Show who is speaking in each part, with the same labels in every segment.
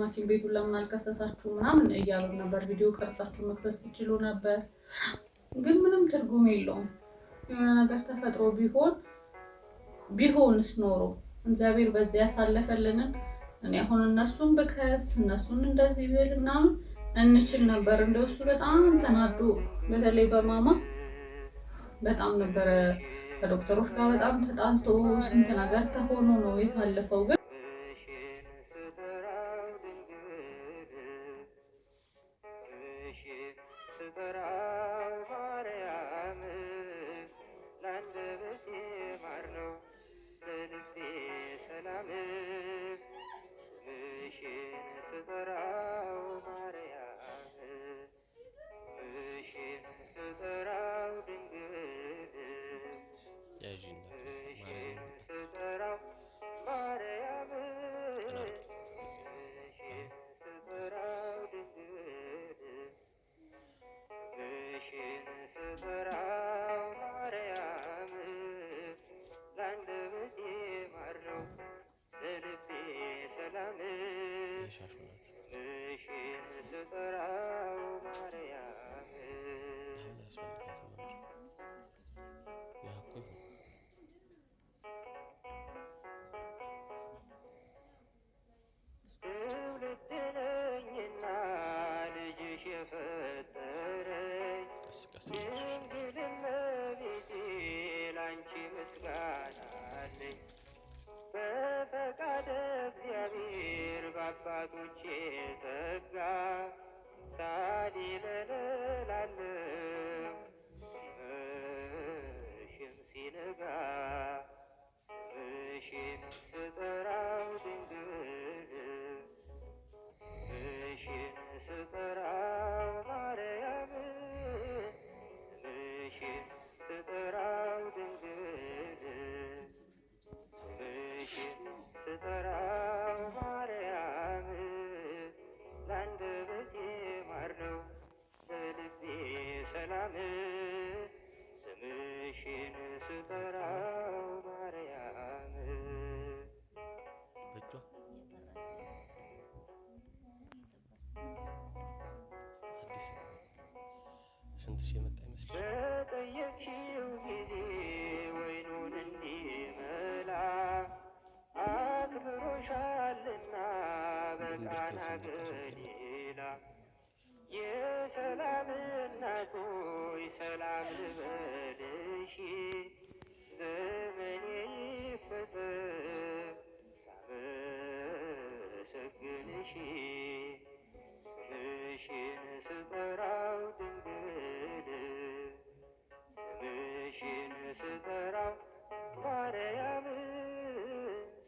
Speaker 1: ማኪን ቤቱን ለምን አልከሰሳችሁ ምናምን እያሉ ነበር። ቪዲዮ ቀርጻችሁ መክሰስ ትችሉ ነበር፣ ግን ምንም ትርጉም የለውም። የሆነ ነገር ተፈጥሮ ቢሆን ቢሆንስ ኖሮ እግዚአብሔር በዚያ ያሳለፈልንን እኔ አሁን እነሱን ብከስ እነሱን እንደዚህ ብል ምናምን እንችል ነበር። እንደሱ በጣም ተናዶ በተለይ በማማ በጣም ነበረ ከዶክተሮች ጋር በጣም ተጣልቶ ስንት ነገር ተሆኖ ነው የታለፈው ግን ሽ ስጠራ ማርያም ላንደበቴ ማር ነው ለልቤ ሰላም ስምሽን ስጠራ শাসনে
Speaker 2: ስምሽን ስጠራው ድንግል ስምሽን ስጠራው ማርያም ለአንደበቴ ማር ነው ለልቤ ሰላም ስምሽን ስጠራው በጠየቅሽው ጊዜ ወይኑን እንዲመላ አክብሮሻልና በቃና ገሊላ የሰላም እናቱ ሰላም ልበልሽ፣ ዘመኔ ይፈጸም ሳመሰግንሽ ስምሽን ስጠራው ድንግል ስጠራው ማርያምን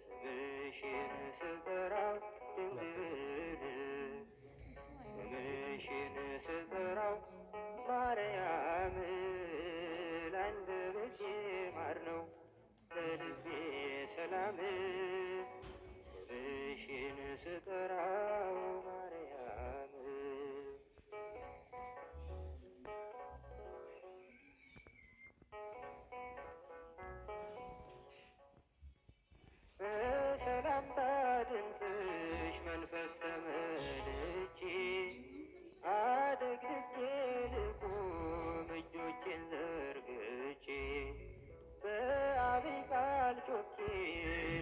Speaker 2: ስምሽን ስጠራው ድንግል ስምሽን ስጠራው ማርያም
Speaker 1: ለአንደበቴ ማር ነው ለልቤ ሰላም ስምሽን ስጠራው በጽንስሽ መንፈስ ተመልቼ አደግጌ ልቁም እጆቼን ዘርግቼ በአብይ ቃል ጮኬ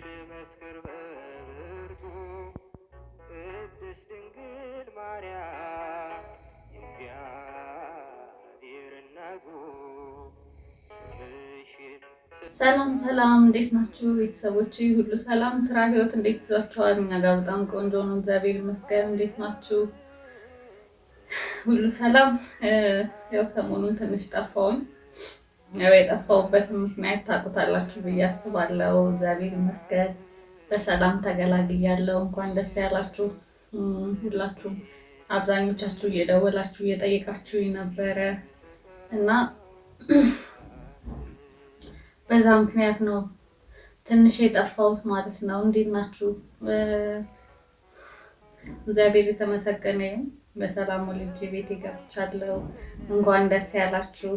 Speaker 1: ልመስክር በብርቱ ቅድስት ድንግል ማርያም ሰላም ሰላም፣ እንዴት ናችሁ ቤተሰቦች? ሁሉ ሰላም፣ ስራ፣ ህይወት እንዴት ይዟችኋል? እኛ ጋር በጣም ቆንጆ ነው፣ እግዚአብሔር ይመስገን። እንዴት ናችሁ? ሁሉ ሰላም። ያው ሰሞኑን ትንሽ ጠፋውን። ያው የጠፋውበት ምክንያት ታውቁታላችሁ ብዬ አስባለሁ። እግዚአብሔር ይመስገን በሰላም ተገላግያለሁ። እንኳን ደስ ያላችሁ ሁላችሁም። አብዛኞቻችሁ እየደወላችሁ እየጠየቃችሁ ነበረ እና በዛ ምክንያት ነው ትንሽ የጠፋሁት ማለት ነው። እንዴት ናችሁ? እግዚአብሔር የተመሰገነ ይሁን። በሰላም ወልጄ ቤት ገብቻለሁ። እንኳን ደስ ያላችሁ።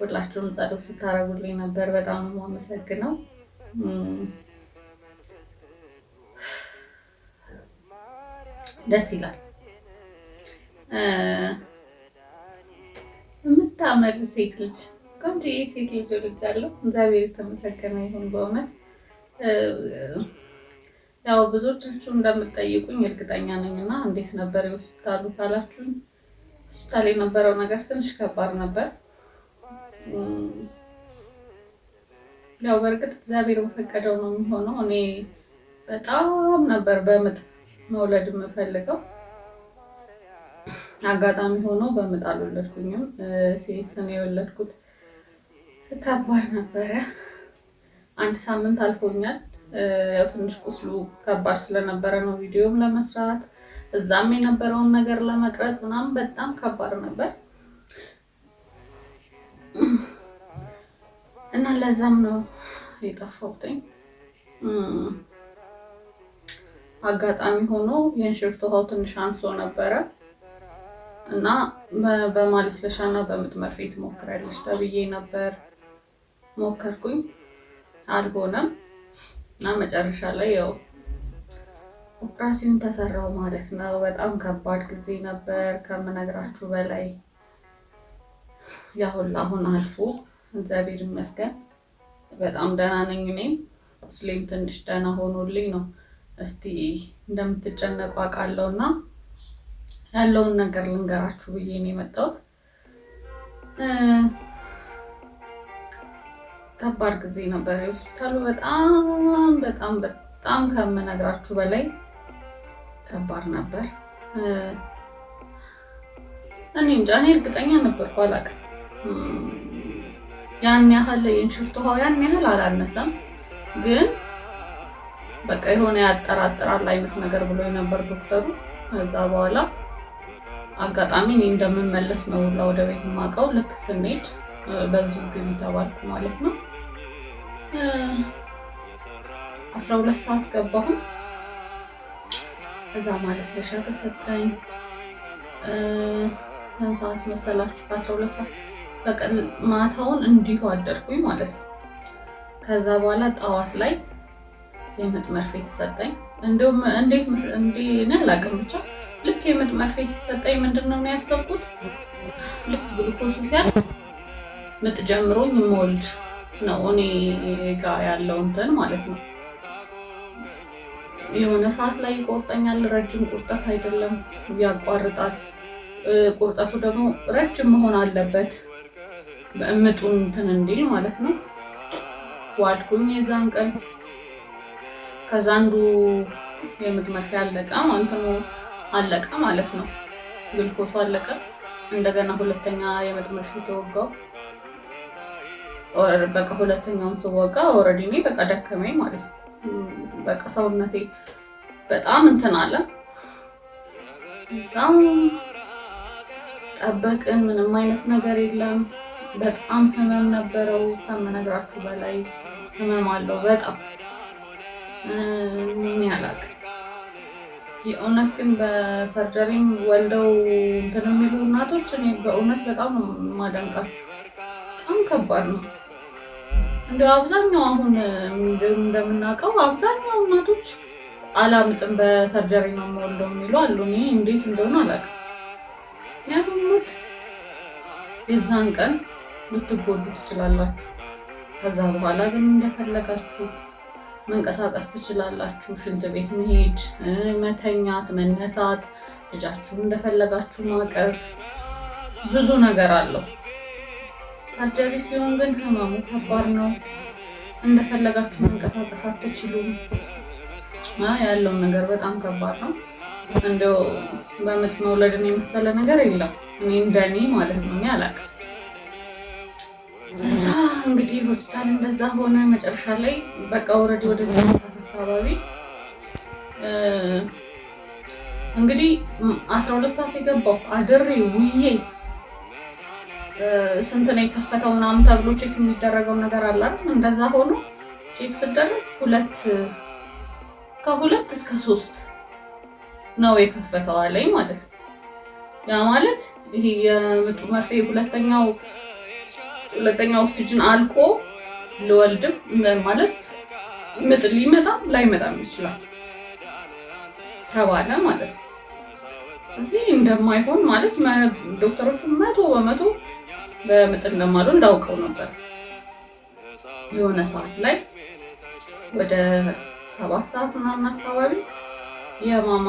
Speaker 1: ሁላችሁም ጸሎት ስታደርጉልኝ ነበር። በጣም ነው የማመሰግነው። ደስ ይላል። የምታምር ሴት ልጅ ቆንጆ ሴት ልጅ ወልጃለሁ። እግዚአብሔር የተመሰገነ ይሁን። በእውነት ያው ብዙዎቻችሁ እንደምትጠይቁኝ እርግጠኛ ነኝ እና እንዴት ነበር የሆስፒታሉ ካላችሁኝ፣ ሆስፒታል የነበረው ነገር ትንሽ ከባድ ነበር። ያው በእርግጥ እግዚአብሔር በፈቀደው ነው የሚሆነው። እኔ በጣም ነበር በምጥ መውለድ የምፈልገው። አጋጣሚ ሆኖ በምጥ አልወለድኩኝም። ሲስ ነው የወለድኩት። ከባድ ነበረ። አንድ ሳምንት አልፎኛል። ያው ትንሽ ቁስሉ ከባድ ስለነበረ ነው ቪዲዮም ለመስራት እዛም የነበረውን ነገር ለመቅረጽ ምናምን በጣም ከባድ ነበር እና ለዛም ነው የጠፋሁትኝ። አጋጣሚ ሆኖ የእንሽርት ውሃው ትንሽ አንሶ ነበረ እና በማለስለሻ እና በምጥ መርፌ ተብዬ ነበር። ሞከርኩኝ፣ አልሆነም እና መጨረሻ ላይ ያው ኦፕራሲዮን ተሰራው ማለት ነው። በጣም ከባድ ጊዜ ነበር ከምነግራችሁ በላይ። ያሁን አሁን አልፎ እግዚአብሔር ይመስገን በጣም ደህና ነኝ። እኔም ቁስሌም ትንሽ ደህና ሆኖልኝ ነው። እስቲ እንደምትጨነቁ አውቃለሁ እና ያለውን ነገር ልንገራችሁ ብዬ ነው የመጣሁት። ከባድ ጊዜ ነበር። የሆስፒታሉ በጣም በጣም በጣም ከምነግራችሁ በላይ ከባድ ነበር። እኔ እንጃ እኔ እርግጠኛ ነበርኩ አላውቅም። ያን ያህል የእንሽርት ውሃው ያን ያህል አላነሰም፣ ግን በቃ የሆነ ያጠራጥራል አይነት ነገር ብሎ ነበር ዶክተሩ። ከዛ በኋላ አጋጣሚ እኔ እንደምመለስ ነው ላ ወደ ቤት የማውቀው ልክ ስንሄድ በዙ ግቢ ተባልኩ ማለት ነው። አስራ ሁለት ሰዓት ገባሁን እዛ ማለስለሻ ተሰጠኝ። ስንት ሰዓት መሰላችሁ? በአስራ ሁለት ሰዓት በቀን ማታውን እንዲሁ አደርኩኝ ማለት ነው። ከዛ በኋላ ጠዋት ላይ የምጥ መርፌ ተሰጠኝ። እንዲሁም እንዴት እንዲህ አላውቅም ብቻ ልክ የምጥ መርፌ ሲሰጠኝ ምንድን ነው የሚያሰብኩት ልክ ግሉኮሱ ሲያል ምጥ ጀምሮኝ የምወልድ ነው እኔ ጋ ያለው እንትን ማለት ነው። የሆነ ሰዓት ላይ ይቆርጠኛል። ረጅም ቁርጠት አይደለም፣ ያቋርጣል። ቁርጠቱ ደግሞ ረጅም መሆን አለበት በእምጡ እንትን እንዲል ማለት ነው። ዋልኩኝ የዛን ቀን። ከዛ አንዱ የምጥ መኪያ አለቀ፣ እንትኑ አለቀ ማለት ነው። ግልኮሱ አለቀ። እንደገና ሁለተኛ የምጥ መርፌ ተወጋው። በቃ ሁለተኛውን ስወጋ ኦልሬዲ እኔ በቃ ደከመኝ ማለት ነው። በቃ ሰውነቴ በጣም እንትን አለ። እዛም ጠበቅን፣ ምንም አይነት ነገር የለም። በጣም ህመም ነበረው ከምነግራችሁ በላይ ህመም አለው። በጣም እኔ ያላቅ የእውነት ግን በሰርጀሪም ወልደው እንትን የሚሉ እናቶች እኔ በእውነት በጣም ማደንቃችሁ በጣም ከባድ ነው። እንደ አብዛኛው አሁን እንደምናውቀው አብዛኛው እናቶች አላምጥም በሰርጀሪ ነው የምወልደው የሚሉ አሉ። እኔ እንዴት እንደሆነ አላውቅም። ምክንያቱም ሞት የዛን ቀን ልትጎዱ ትችላላችሁ። ከዛ በኋላ ግን እንደፈለጋችሁ መንቀሳቀስ ትችላላችሁ። ሽንት ቤት መሄድ፣ መተኛት፣ መነሳት፣ ልጃችሁን እንደፈለጋችሁ ማቀፍ ብዙ ነገር አለው። ሰርጀሪ ሲሆን ግን ህመሙ ከባድ ነው። እንደፈለጋችሁ መንቀሳቀስ አትችሉም። ያለው ነገር በጣም ከባድ ነው። እንደው በምጥ መውለድን የመሰለ ነገር የለም። እኔ እንደኔ ማለት ነው። እኔ አላውቅም። እዛ እንግዲህ ሆስፒታል እንደዛ ሆነ። መጨረሻ ላይ በቃ ወረድ ወደ ዘመታት አካባቢ እንግዲህ አስራ ሁለት ሰዓት የገባው አድሬ ውዬ ስንት ነው የከፈተው ምናምን ተብሎ ቼክ የሚደረገው ነገር አለ። እንደዛ ሆኖ ቼክ ስደረግ ሁለት ከሁለት እስከ ሶስት ነው የከፈተው አለኝ ማለት ነው። ያ ማለት ይሄ የምጡ መርፌ ሁለተኛው ሁለተኛው ኦክሲጅን አልቆ ልወልድም ማለት ምጥ ሊመጣም ላይመጣም ይችላል ተባለ ማለት ነው። እዚህ እንደማይሆን ማለት ዶክተሮቹ መቶ በመቶ በምጥ እንደማሉ እንዳውቀው ነበር። የሆነ ሰዓት ላይ ወደ ሰባት ሰዓት ምናምን አካባቢ የማማ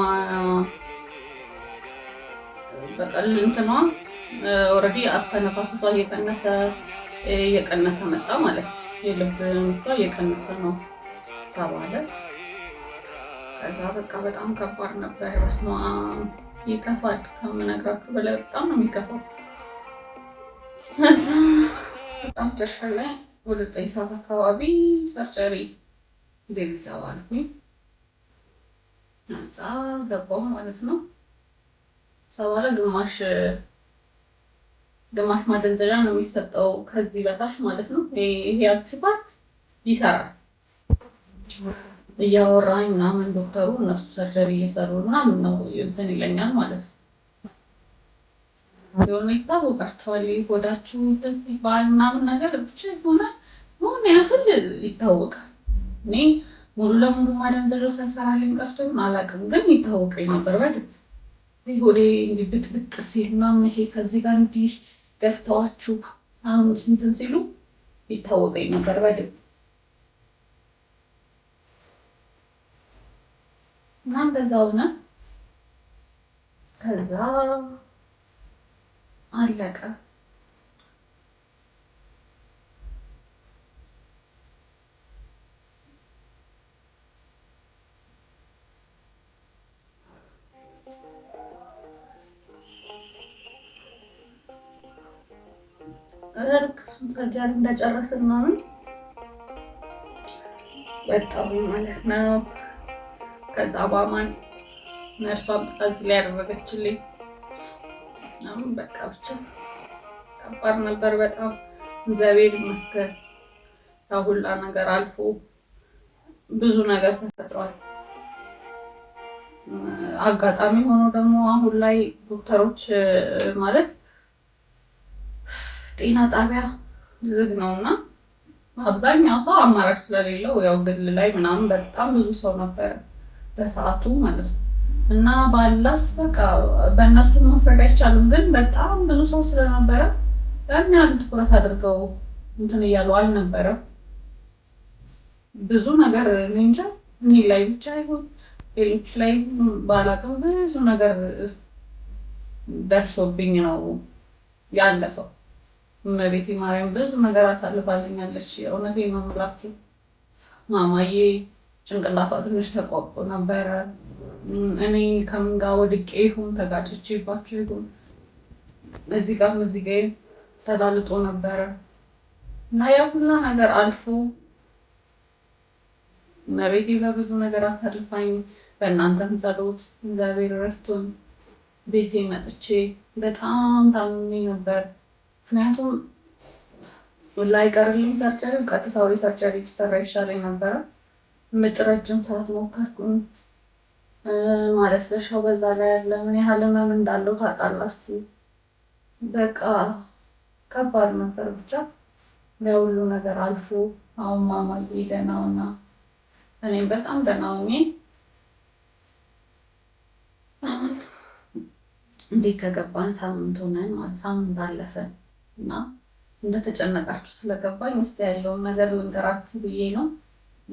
Speaker 1: በቀል እንትኗ ኦልሬዲ አተነፋፈሷ እየቀነሰ እየቀነሰ መጣ ማለት ነው። የልብ ምቷ እየቀነሰ ነው ተባለ። ከዛ በቃ በጣም ከባድ ነበር። በስመ አብ ይከፋል። ከምነግራችሁ በላይ በጣም ነው የሚከፋው። በጣም ተሻ ላይ ወደ ዘጠኝ ሰዓት አካባቢ ሰርጨሪ ገቢ ገባልኩኝ። እዛ ገባሁ ማለት ነው። ሰባለ ግማሽ ግማሽ ማደንዘዣ ነው የሚሰጠው ከዚህ በታች ማለት ነው። ይሄ ያችሁ ፓርት ይሰራል። እያወራኝ ምናምን ዶክተሩ እነሱ ሰርጀሪ እየሰሩ ምናምን ነው እንትን ይለኛል ማለት ነው። የሆነ ይታወቃቸዋል ሆዳችሁ ባል ምናምን ነገር ብቻ ሆነ ሆነ ያህል ይታወቃል። እኔ ሙሉ ለሙሉ ማደንዘዣው ሳይሰራልኝ ቀርቶ አላውቅም፣ ግን ይታወቀኝ ነበር በደምብ ሆዴ ብጥብጥ ሲል ምናምን ይሄ ከዚህ ጋር እንዲህ ገፍተዋችሁ አሁን ስንትን ሲሉ ይታወቀኝ ነበር በደምብ እናም በዛ ሆነ። ከዛ አለቀ። ልክ እሱን ሰርጀሪ እንደጨረስን ምናምን ወጣሁ ማለት ነው። ከዛ አቧማን ነርሷ ብጣዝ ላይ ያደረገችልኝ። አሁን በቃ ብቻ ከባድ ነበር በጣም እግዚአብሔር ይመስገን ሁላ ነገር አልፎ ብዙ ነገር ተፈጥሯል። አጋጣሚ ሆኖ ደግሞ አሁን ላይ ዶክተሮች ማለት ጤና ጣቢያ ዝግ ነው እና አብዛኛው ሰው አማራጭ ስለሌለው ያው ግል ላይ ምናምን በጣም ብዙ ሰው ነበረ። በሰዓቱ ማለት ነው። እና ባላት በቃ በእነሱ መፍረድ አይቻሉም። ግን በጣም ብዙ ሰው ስለነበረ ያን ያህል ትኩረት አድርገው እንትን እያሉ አልነበረም። ብዙ ነገር እንጃ እኔ ላይ ብቻ ይሁን ሌሎች ላይ ባላቅም ብዙ ነገር ደርሶብኝ ነው ያለፈው። እመቤቴ ማርያም ብዙ ነገር አሳልፋልኛለች። እውነቴን ነው የምላችሁ ማማዬ ጭንቅላቷ ትንሽ ተቆርጦ ነበረ። እኔ ከምን ጋር ወድቄ ይሁን ተጋጭቼባቸው ይሁን እዚህ ጋር እዚህ ጋር ተላልጦ ነበረ እና ያ ሁላ ነገር አልፎ መቤቴ በብዙ ነገር አሳልፋኝ በእናንተም ጸሎት እግዚአብሔር ረድቶኝ ቤቴ መጥቼ በጣም ታምሜ ነበር። ምክንያቱም ላይቀርልኝ ሰርጨሪ ቀጥሳዊ ሰርጨሪ ሰራ ይሻለኝ ነበረ ምጥ ረጅም ሰዓት ሞከርኩኝ። ማለስለሻው በዛ ላይ ያለ ምን ያህል ህመም እንዳለው ታውቃላችሁ። በቃ ከባድ ነበር። ብቻ ለሁሉ ነገር አልፎ አሁን ማማዬ ደህና ሆና እኔም በጣም ደህና ሆኜ አሁን እንዴት ከገባን ሳምንት ሆነን ማለት ሳምንት አለፈ እና እንደተጨነቃችሁ ስለገባኝ እስኪ ያለውን ነገር ልንገራችሁ ብዬ ነው።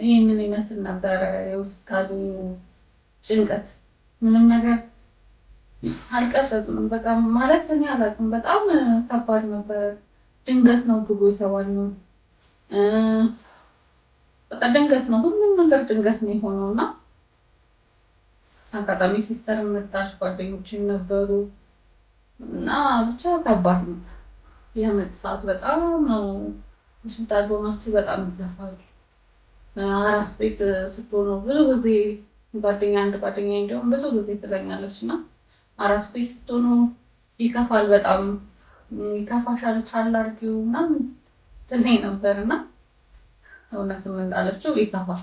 Speaker 1: ይህንን ይመስል ነበረ የሆስፒታሉ ጭንቀት። ምንም ነገር አልቀረጽንም። በቃ ማለት እኔ አላውቅም። በጣም ከባድ ነበር። ድንገት ነው ግቡ የተባልነው። በቃ ድንገት ነው ሁሉም ነገር ድንገት ነው የሆነው እና አጋጣሚ ሲስተር መጣች፣ ጓደኞችን ነበሩ እና ብቻ ከባድ ነው የመጣ ሰዓት በጣም ነው ሽንታ በማችሁ በጣም ይለፋሉ አራስ ቤት ስትሆኑ ብዙ ጊዜ ጓደኛ አንድ ጓደኛ እንዲሁም ብዙ ጊዜ ትለኛለች እና አራስ ቤት ስትሆኑ ይከፋል፣ በጣም ይከፋሻል፣ ቻል አድርጊው ምናምን ትለኝ ነበር እና እውነትም እንዳለችው ይከፋል።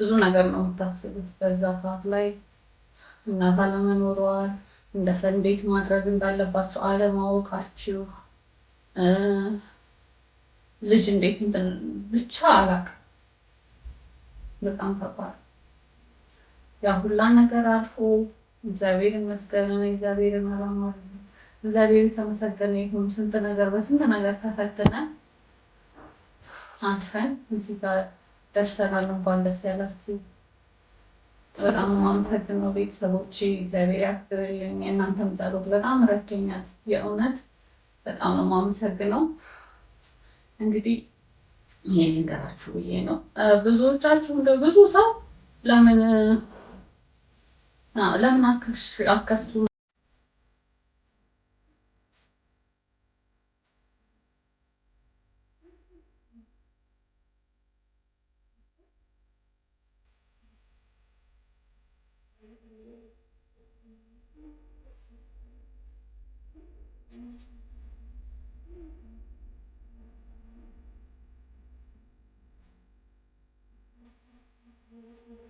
Speaker 1: ብዙ ነገር ነው የምታስቡት በዛ ሰዓት ላይ እናት አለመኖሯ፣ እንደ ፈንዴት ማድረግ እንዳለባችሁ አለማወቃችሁ፣ ልጅ እንዴት ብቻ አላውቅም በጣም ከባድ ያ ሁላ ነገር አልፎ እግዚአብሔር ይመስገን እግዚአብሔር አላማ እግዚአብሔር የተመሰገነ ይሁን። ስንት ነገር በስንት ነገር ተፈትነን አልፈን እዚህ ጋር ደርሰናል። እንኳን ደስ ያላችሁ። በጣም የማመሰግነው ቤተሰቦቼ፣ እግዚአብሔር ያክብርልኝ። የእናንተም ጸሎት በጣም ረድቶኛል። የእውነት በጣም ነው የማመሰግነው እንግዲህ ይሄ ነገራችሁ ብዬ ነው። ብዙዎቻችሁ እንደ ብዙ ሰው ለምን ለምን አከስቱ Mm-hmm.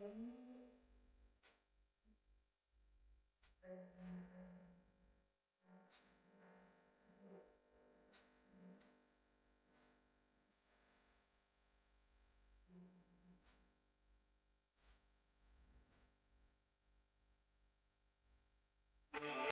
Speaker 1: Mm-hmm.